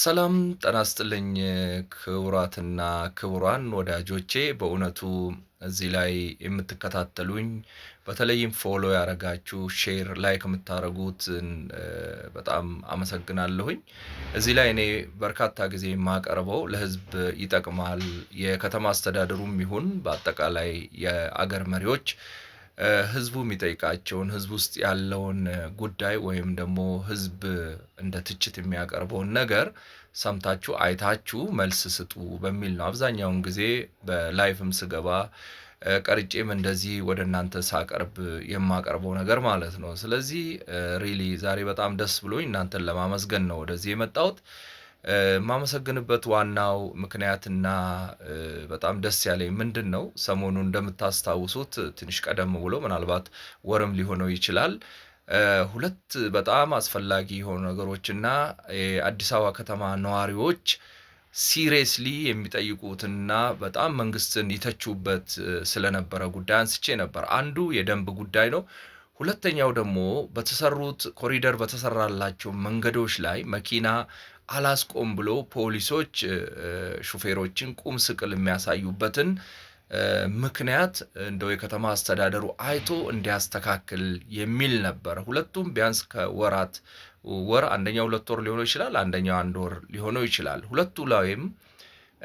ሰላም ጤና ይስጥልኝ ክቡራትና ክቡራን ወዳጆቼ በእውነቱ እዚህ ላይ የምትከታተሉኝ በተለይም ፎሎ ያደረጋችሁ ሼር ላይ ከምታደርጉት በጣም አመሰግናለሁኝ። እዚህ ላይ እኔ በርካታ ጊዜ የማቀርበው ለሕዝብ ይጠቅማል የከተማ አስተዳደሩም ይሁን በአጠቃላይ የአገር መሪዎች ህዝቡ የሚጠይቃቸውን ህዝብ ውስጥ ያለውን ጉዳይ ወይም ደግሞ ህዝብ እንደ ትችት የሚያቀርበውን ነገር ሰምታችሁ አይታችሁ መልስ ስጡ በሚል ነው። አብዛኛውን ጊዜ በላይፍም ስገባ ቀርጬም እንደዚህ ወደ እናንተ ሳቀርብ የማቀርበው ነገር ማለት ነው። ስለዚህ ሪሊ ዛሬ በጣም ደስ ብሎኝ እናንተን ለማመስገን ነው ወደዚህ የመጣሁት። የማመሰግንበት ዋናው ምክንያትና በጣም ደስ ያለኝ ምንድን ነው፣ ሰሞኑን እንደምታስታውሱት ትንሽ ቀደም ብሎ ምናልባት ወርም ሊሆነው ይችላል ሁለት በጣም አስፈላጊ የሆኑ ነገሮችና የአዲስ አበባ ከተማ ነዋሪዎች ሲሪየስሊ የሚጠይቁትና በጣም መንግስትን ይተቹበት ስለነበረ ጉዳይ አንስቼ ነበር። አንዱ የደንብ ጉዳይ ነው። ሁለተኛው ደግሞ በተሰሩት ኮሪደር በተሰራላቸው መንገዶች ላይ መኪና አላስቆም ብሎ ፖሊሶች ሹፌሮችን ቁም ስቅል የሚያሳዩበትን ምክንያት እንደው የከተማ አስተዳደሩ አይቶ እንዲያስተካክል የሚል ነበር። ሁለቱም ቢያንስ ከወራት ወር አንደኛው ሁለት ወር ሊሆነው ይችላል፣ አንደኛው አንድ ወር ሊሆነው ይችላል። ሁለቱ ላይም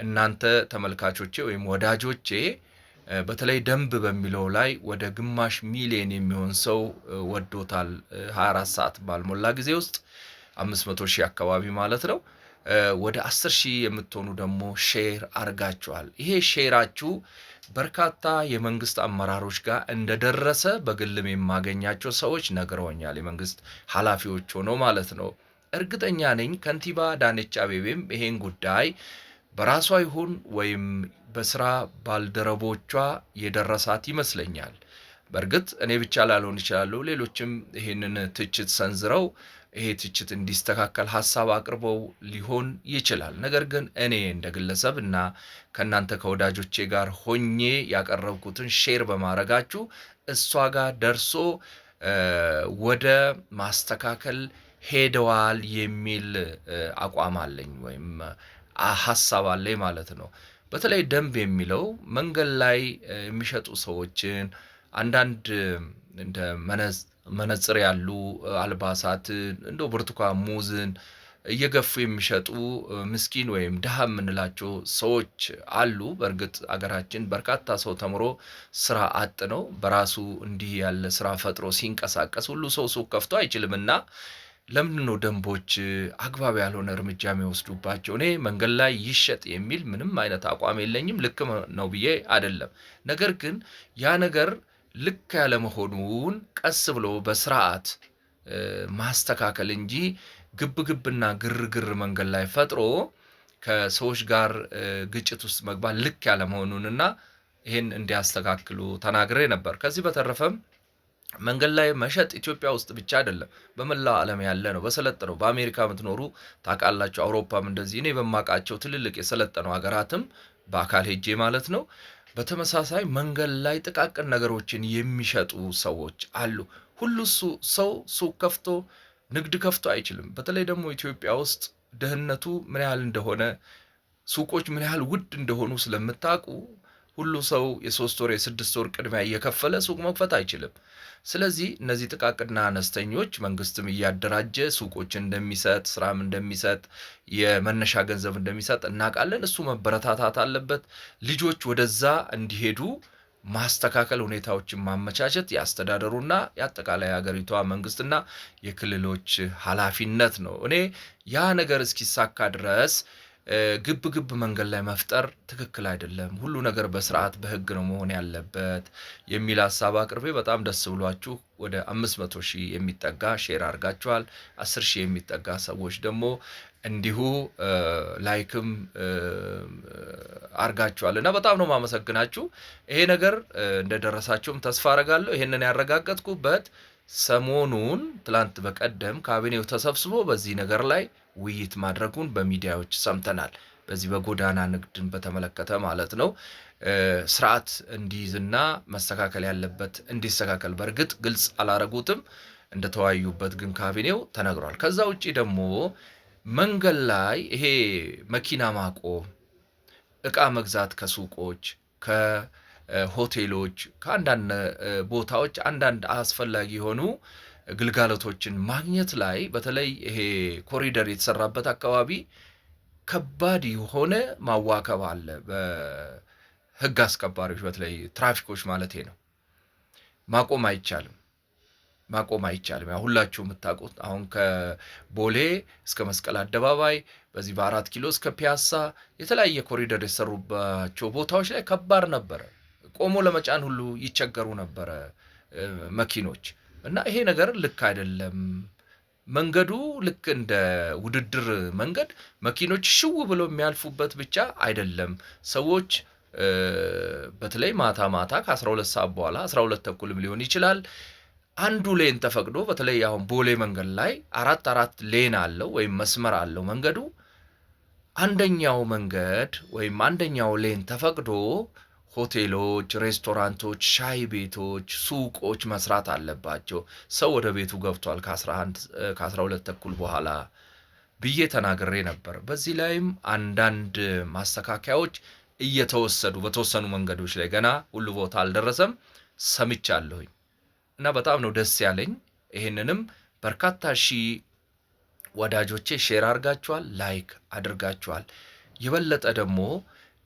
እናንተ ተመልካቾቼ ወይም ወዳጆቼ በተለይ ደንብ በሚለው ላይ ወደ ግማሽ ሚሊየን የሚሆን ሰው ወዶታል 24 ሰዓት ባልሞላ ጊዜ ውስጥ አምስት መቶ ሺህ አካባቢ ማለት ነው። ወደ አስር ሺህ የምትሆኑ ደግሞ ሼር አርጋችኋል። ይሄ ሼራችሁ በርካታ የመንግስት አመራሮች ጋር እንደደረሰ በግልም የማገኛቸው ሰዎች ነግረውኛል። የመንግስት ኃላፊዎች ሆኖ ማለት ነው። እርግጠኛ ነኝ ከንቲባ አዳነች አቤቤም ይሄን ጉዳይ በራሷ ይሁን ወይም በስራ ባልደረቦቿ የደረሳት ይመስለኛል። በእርግጥ እኔ ብቻ ላልሆን ይችላለሁ። ሌሎችም ይህንን ትችት ሰንዝረው ይሄ ትችት እንዲስተካከል ሀሳብ አቅርበው ሊሆን ይችላል። ነገር ግን እኔ እንደ ግለሰብ እና ከእናንተ ከወዳጆቼ ጋር ሆኜ ያቀረብኩትን ሼር በማድረጋችሁ እሷ ጋር ደርሶ ወደ ማስተካከል ሄደዋል የሚል አቋም አለኝ ወይም ሀሳብ አለኝ ማለት ነው። በተለይ ደንብ የሚለው መንገድ ላይ የሚሸጡ ሰዎችን አንዳንድ እንደ መነጽር ያሉ አልባሳትን እንደ ብርቱካን፣ ሙዝን እየገፉ የሚሸጡ ምስኪን ወይም ድሃ የምንላቸው ሰዎች አሉ። በእርግጥ አገራችን በርካታ ሰው ተምሮ ስራ አጥ ነው። በራሱ እንዲህ ያለ ስራ ፈጥሮ ሲንቀሳቀስ ሁሉ ሰው ሱቅ ከፍቶ አይችልምና ለምንድን ነው ደንቦች አግባብ ያልሆነ እርምጃ የሚወስዱባቸው? እኔ መንገድ ላይ ይሸጥ የሚል ምንም አይነት አቋም የለኝም። ልክ ነው ብዬ አይደለም። ነገር ግን ያ ነገር ልክ ያለመሆኑን ቀስ ብሎ በስርዓት ማስተካከል እንጂ ግብ ግብና ግርግር መንገድ ላይ ፈጥሮ ከሰዎች ጋር ግጭት ውስጥ መግባት ልክ ያለመሆኑንና ይህን እንዲያስተካክሉ ተናግሬ ነበር። ከዚህ በተረፈም መንገድ ላይ መሸጥ ኢትዮጵያ ውስጥ ብቻ አይደለም፣ በመላው ዓለም ያለ ነው። በሰለጠነው በአሜሪካ የምትኖሩ ታውቃላችሁ፣ አውሮፓም እንደዚህ እኔ በማውቃቸው ትልልቅ የሰለጠነው ሀገራትም በአካል ሄጄ ማለት ነው በተመሳሳይ መንገድ ላይ ጥቃቅን ነገሮችን የሚሸጡ ሰዎች አሉ። ሁሉ ሰው ሱቅ ከፍቶ ንግድ ከፍቶ አይችልም። በተለይ ደግሞ ኢትዮጵያ ውስጥ ድህነቱ ምን ያህል እንደሆነ ሱቆች ምን ያህል ውድ እንደሆኑ ስለምታውቁ ሁሉ ሰው የሶስት ወር የስድስት ወር ቅድሚያ እየከፈለ ሱቅ መክፈት አይችልም። ስለዚህ እነዚህ ጥቃቅና አነስተኞች መንግስትም እያደራጀ ሱቆች እንደሚሰጥ ስራም እንደሚሰጥ የመነሻ ገንዘብ እንደሚሰጥ እናውቃለን። እሱ መበረታታት አለበት። ልጆች ወደዛ እንዲሄዱ ማስተካከል፣ ሁኔታዎችን ማመቻቸት የአስተዳደሩና የአጠቃላይ ሀገሪቷ መንግስትና የክልሎች ኃላፊነት ነው። እኔ ያ ነገር እስኪሳካ ድረስ ግብ ግብ መንገድ ላይ መፍጠር ትክክል አይደለም። ሁሉ ነገር በስርዓት በህግ ነው መሆን ያለበት የሚል ሀሳብ አቅርቤ በጣም ደስ ብሏችሁ ወደ አምስት መቶ ሺህ የሚጠጋ ሼር አድርጋችኋል። አስር ሺህ የሚጠጋ ሰዎች ደግሞ እንዲሁ ላይክም አድርጋችኋል እና በጣም ነው ማመሰግናችሁ። ይሄ ነገር እንደደረሳችሁም ተስፋ አረጋለሁ። ይሄንን ያረጋገጥኩበት ሰሞኑን ትላንት በቀደም ካቢኔው ተሰብስቦ በዚህ ነገር ላይ ውይይት ማድረጉን በሚዲያዎች ሰምተናል። በዚህ በጎዳና ንግድን በተመለከተ ማለት ነው። ስርዓት እንዲይዝና መስተካከል ያለበት እንዲስተካከል በእርግጥ ግልጽ አላረጉትም። እንደተወያዩበት ግን ካቢኔው ተነግሯል። ከዛ ውጭ ደግሞ መንገድ ላይ ይሄ መኪና ማቆም፣ እቃ መግዛት ከሱቆች ሆቴሎች፣ ከአንዳንድ ቦታዎች አንዳንድ አስፈላጊ የሆኑ ግልጋሎቶችን ማግኘት ላይ በተለይ ይሄ ኮሪደር የተሰራበት አካባቢ ከባድ የሆነ ማዋከብ አለ። በህግ አስከባሪዎች በተለይ ትራፊኮች ማለት ነው። ማቆም አይቻልም ማቆም አይቻልም። ያ ሁላችሁ የምታውቁት አሁን ከቦሌ እስከ መስቀል አደባባይ በዚህ በአራት ኪሎ እስከ ፒያሳ የተለያየ ኮሪደር የሰሩባቸው ቦታዎች ላይ ከባድ ነበረ። ቆሞ ለመጫን ሁሉ ይቸገሩ ነበረ መኪኖች እና ይሄ ነገር ልክ አይደለም። መንገዱ ልክ እንደ ውድድር መንገድ መኪኖች ሽው ብለው የሚያልፉበት ብቻ አይደለም። ሰዎች በተለይ ማታ ማታ ከ12 ሰዓት በኋላ 12 ተኩልም ሊሆን ይችላል አንዱ ሌን ተፈቅዶ በተለይ አሁን ቦሌ መንገድ ላይ አራት አራት ሌን አለው ወይም መስመር አለው መንገዱ። አንደኛው መንገድ ወይም አንደኛው ሌን ተፈቅዶ ሆቴሎች፣ ሬስቶራንቶች፣ ሻይ ቤቶች፣ ሱቆች መስራት አለባቸው። ሰው ወደ ቤቱ ገብቷል ከ 12 ተኩል በኋላ ብዬ ተናግሬ ነበር። በዚህ ላይም አንዳንድ ማስተካከያዎች እየተወሰዱ በተወሰኑ መንገዶች ላይ ገና ሁሉ ቦታ አልደረሰም ሰምቻለሁኝ እና በጣም ነው ደስ ያለኝ። ይህንንም በርካታ ሺህ ወዳጆቼ ሼር አድርጋችኋል፣ ላይክ አድርጋችኋል። የበለጠ ደግሞ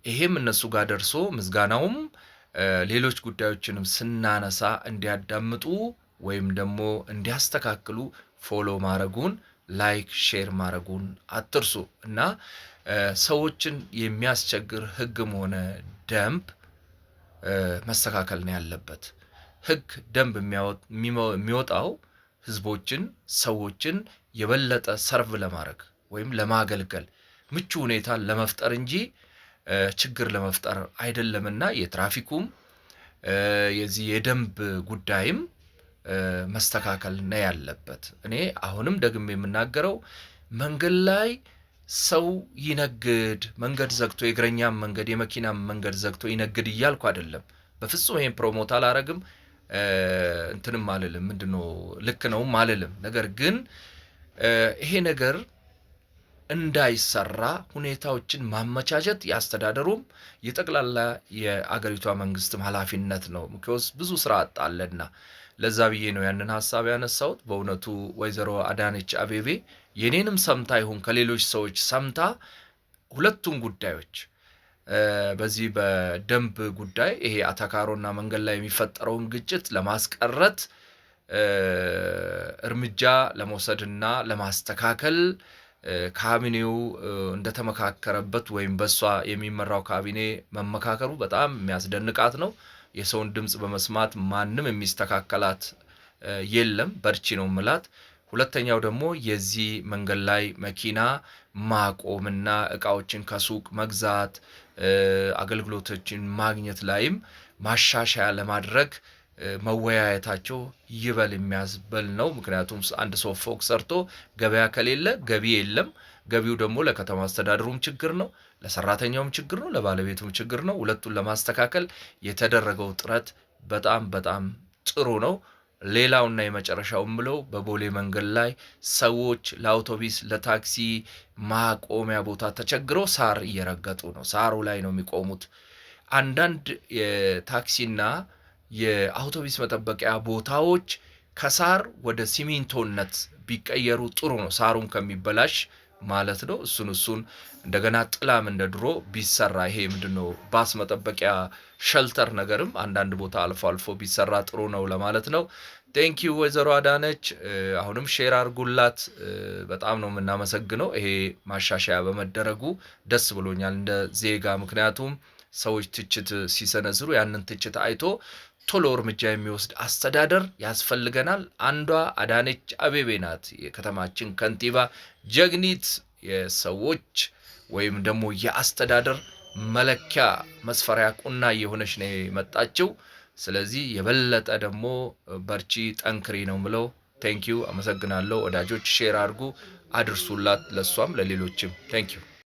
ይሄም እነሱ ጋር ደርሶ ምዝጋናውም ሌሎች ጉዳዮችንም ስናነሳ እንዲያዳምጡ ወይም ደግሞ እንዲያስተካክሉ ፎሎ ማድረጉን ላይክ ሼር ማድረጉን አትርሱ እና ሰዎችን የሚያስቸግር ህግም ሆነ ደንብ መስተካከል ነው ያለበት። ህግ ደንብ የሚወጣው ህዝቦችን፣ ሰዎችን የበለጠ ሰርቭ ለማድረግ ወይም ለማገልገል ምቹ ሁኔታ ለመፍጠር እንጂ ችግር ለመፍጠር አይደለምና የትራፊኩም የዚህ የደንብ ጉዳይም መስተካከል ነው ያለበት። እኔ አሁንም ደግሜ የምናገረው መንገድ ላይ ሰው ይነግድ መንገድ ዘግቶ የእግረኛም መንገድ የመኪናም መንገድ ዘግቶ ይነግድ እያልኩ አይደለም። በፍጹም ይሄን ፕሮሞት አላረግም፣ እንትንም አልልም፣ ምንድነው ልክ ነውም አልልም። ነገር ግን ይሄ ነገር እንዳይሰራ ሁኔታዎችን ማመቻቸት የአስተዳደሩም የጠቅላላ የአገሪቷ መንግስትም ኃላፊነት ነው። ምክንያቱም ብዙ ስራ አጣለና ለዛ ብዬ ነው ያንን ሀሳብ ያነሳሁት። በእውነቱ ወይዘሮ አዳነች አቤቤ የኔንም ሰምታ ይሁን ከሌሎች ሰዎች ሰምታ ሁለቱም ጉዳዮች በዚህ በደንብ ጉዳይ ይሄ አተካሮና መንገድ ላይ የሚፈጠረውን ግጭት ለማስቀረት እርምጃ ለመውሰድና ለማስተካከል ካቢኔው እንደተመካከረበት ወይም በሷ የሚመራው ካቢኔ መመካከሩ በጣም የሚያስደንቃት ነው። የሰውን ድምፅ በመስማት ማንም የሚስተካከላት የለም። በርቺ ነው ምላት። ሁለተኛው ደግሞ የዚህ መንገድ ላይ መኪና ማቆምና እቃዎችን ከሱቅ መግዛት አገልግሎቶችን ማግኘት ላይም ማሻሻያ ለማድረግ መወያየታቸው ይበል የሚያስበል ነው። ምክንያቱም አንድ ሰው ፎቅ ሰርቶ ገበያ ከሌለ ገቢ የለም። ገቢው ደግሞ ለከተማ አስተዳደሩም ችግር ነው፣ ለሰራተኛውም ችግር ነው፣ ለባለቤቱም ችግር ነው። ሁለቱን ለማስተካከል የተደረገው ጥረት በጣም በጣም ጥሩ ነው። ሌላውና የመጨረሻው ምለው በቦሌ መንገድ ላይ ሰዎች ለአውቶቢስ ለታክሲ ማቆሚያ ቦታ ተቸግረው ሳር እየረገጡ ነው። ሳሩ ላይ ነው የሚቆሙት። አንዳንድ የታክሲና የአውቶቡስ መጠበቂያ ቦታዎች ከሳር ወደ ሲሚንቶነት ቢቀየሩ ጥሩ ነው። ሳሩን ከሚበላሽ ማለት ነው። እሱን እሱን እንደገና ጥላም እንደ ድሮ ቢሰራ ይሄ ምንድነው ባስ መጠበቂያ ሸልተር ነገርም አንዳንድ ቦታ አልፎ አልፎ ቢሰራ ጥሩ ነው ለማለት ነው። ቴንኪዩ ወይዘሮ አዳነች አሁንም ሼር ጉላት በጣም ነው የምናመሰግነው። ይሄ ማሻሻያ በመደረጉ ደስ ብሎኛል እንደ ዜጋ ምክንያቱም ሰዎች ትችት ሲሰነዝሩ ያንን ትችት አይቶ ቶሎ እርምጃ የሚወስድ አስተዳደር ያስፈልገናል። አንዷ አዳነች አቤቤ ናት፣ የከተማችን ከንቲባ ጀግኒት፣ የሰዎች ወይም ደግሞ የአስተዳደር መለኪያ መስፈሪያ ቁና እየሆነች ነው የመጣችው። ስለዚህ የበለጠ ደግሞ በርቺ፣ ጠንክሪ ነው ምለው። ቴንኪዩ፣ አመሰግናለሁ ወዳጆች። ሼር አድርጉ፣ አድርሱላት፣ ለእሷም ለሌሎችም ቴንኪዩ።